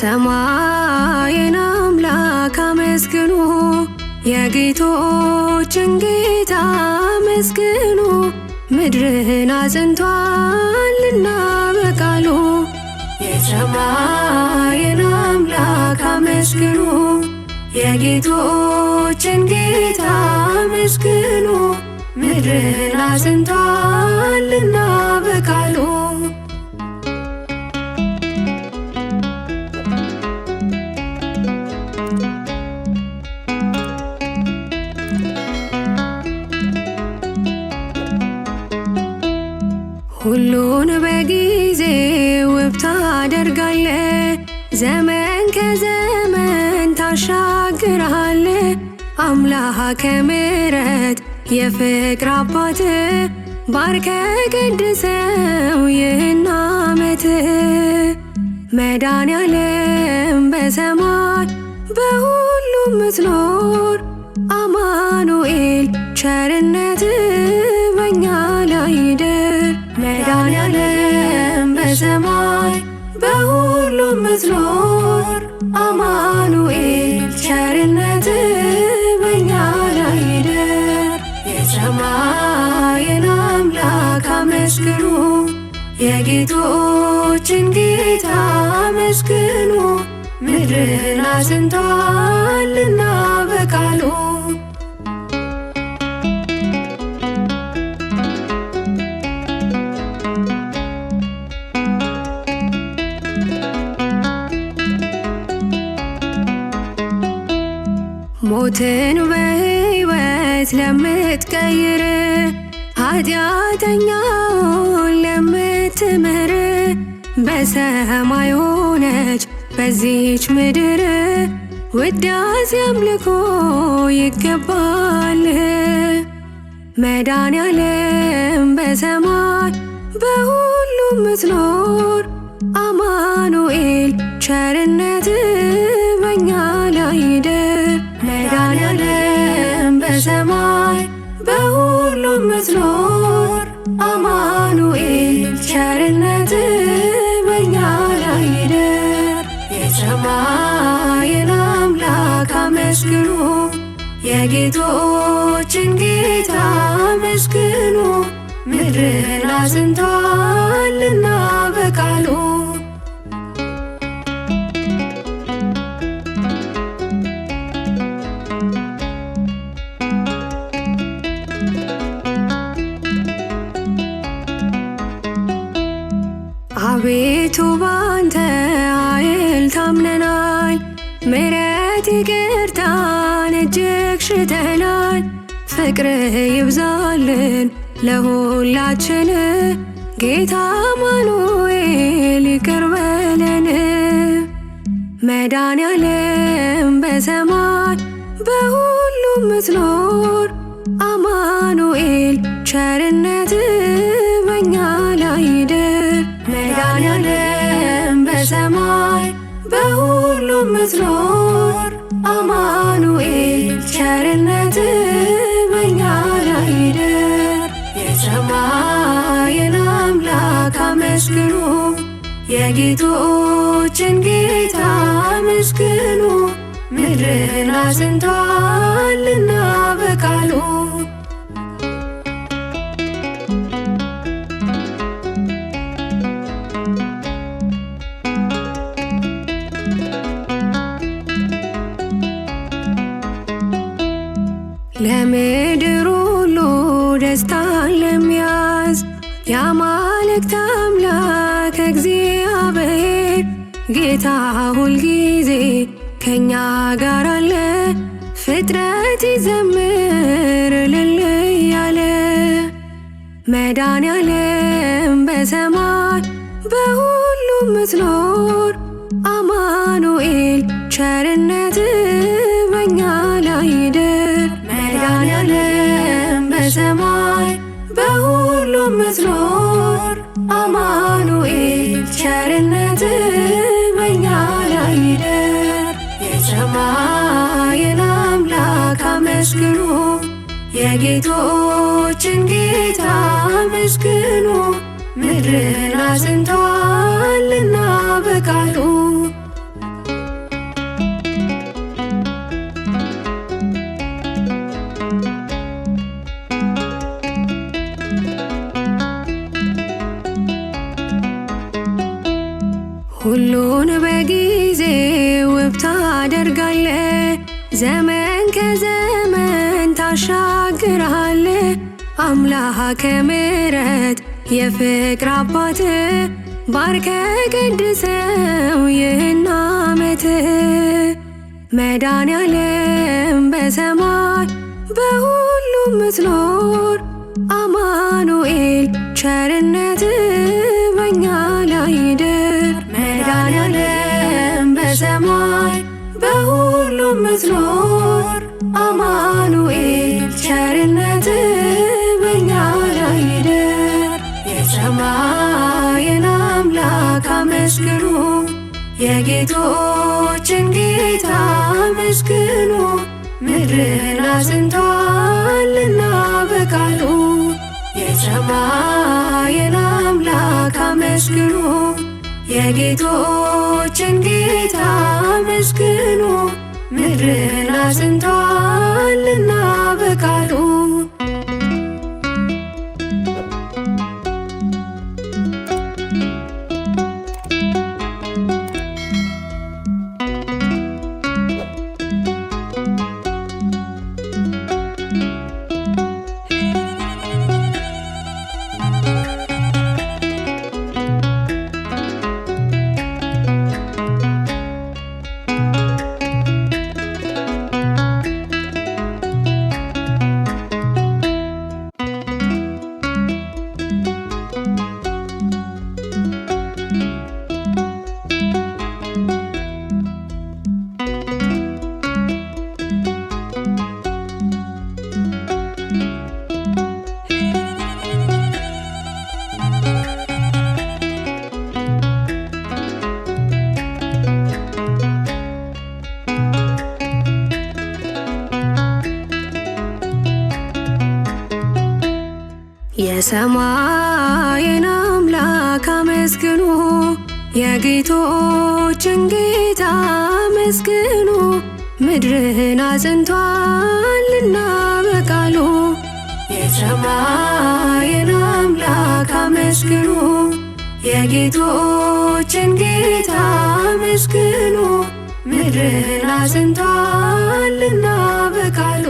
ሰማይን አምላክ አመስግኑ፣ የጌቶችን ጌታ አመስግኑ። ምድርህን አጽንቷልና በቃሉ የሰማይን አምላክ አመስግኑ፣ የጌቶችን ጌታ አመስግኑ። ምድርህን አጽንቷልና በቃሉ ሁሉን በጊዜ ውብ ታደርጋለ ዘመን ከዘመን ታሻግራለ አምላከ ከምረት የፍቅር አባት ባርከ ቅድሰው ይህን መዳን ያለም በሰማይ በሁሉም ምትኖር የምትኖር አማኑኤል ቸርነት በኛ ላይ ይደር። የሰማይን አምላክ አመስግኑ፣ የጌቶችን ጌታ አመስግኑ። ምድርን አዝንቷልና በቃሉ ሞትን በህይወት ለምትቀይር ኃጢአተኛውን ለምትምር በሰማይ ሆነች በዚች ምድር ውዳሴ አምልኮ ይገባል። መዳን ያለም በሰማይ በሁሉም ምትኖር አማኑኤል ቸርነ ስትኖር አማኑኤል ቸርነት በኛ ላይ ይደር። የሰማይን አምላክ አመስግኑ፣ የጌቶችን ጌታ አመስግኑ። ምድርን አዝንቷል አቤቱ ባንተ ኃይል ታምነናል፣ ምሕረት ይቅርታን እጅግ ሽተናል። ፍቅርህ ይብዛልን ለሁላችን፣ ጌታ አማኑኤል ይቅር በለን። መድኃኔዓለም በሰማይ በሁሉም ምትኖር አማኑኤል ቸርነት መድኃኔዓለም በሰማይ በሁሉም ምትኖር አማኑኤል ቸርነት በኛ ላይ ይደር። የሰማይን አምላክ አመስግኑ፣ የጌቶችን ጌታ አመስግኑ። ምድርን አዝንቷልና በቃሉ ለምድር ሁሉ ደስታን ለሚያዝ የአማልክት አምላክ እግዚአብሔር ጌታ ሁልጊዜ ከእኛ ጋር አለ። ፍጥረት ይዘምር እልል ያለ መዳን ያለም በሰማይ በሁሉም ምትኖር አማኑኤል ቸርነትን አመስግኑ፣ የጌቶችን ጌታ አመስግኑ። ምድርን አዝንቷልና በቃሉ ሁሉን አምላከ ምሕረት የፍቅር አባት ባርከ ቅድሰው ይህን ዓመት መዳን ያለም በሰማይ በሁሉም ምትኖር አማኑኤል ቸርነት በኛ ላይ ይደር። መዳን ያለም በሰማይ በሁሉም ምትኖር አማኑኤል ቸርነት የሰማይን አምላክ አመስግኑ፣ የጌቶችን ጌታ አመስግኑ። ምድርን አጽንቷልና በቃሉ የሰማይን አምላክ አመስግኑ፣ የጌቶችን ጌታ አመስግኑ። ምድርን አጽንቷልና በቃሉ ሰማይን አምላክ አመስግኑ፣ የጌቶችን ጌታ አመስግኑ። ምድርህን አጽንቷልና በቃሉ የሰማይን አምላክ አመስግኑ፣ የጌቶችን ጌታ አመስግኑ። ምድርህን አጽንቷልና በቃሉ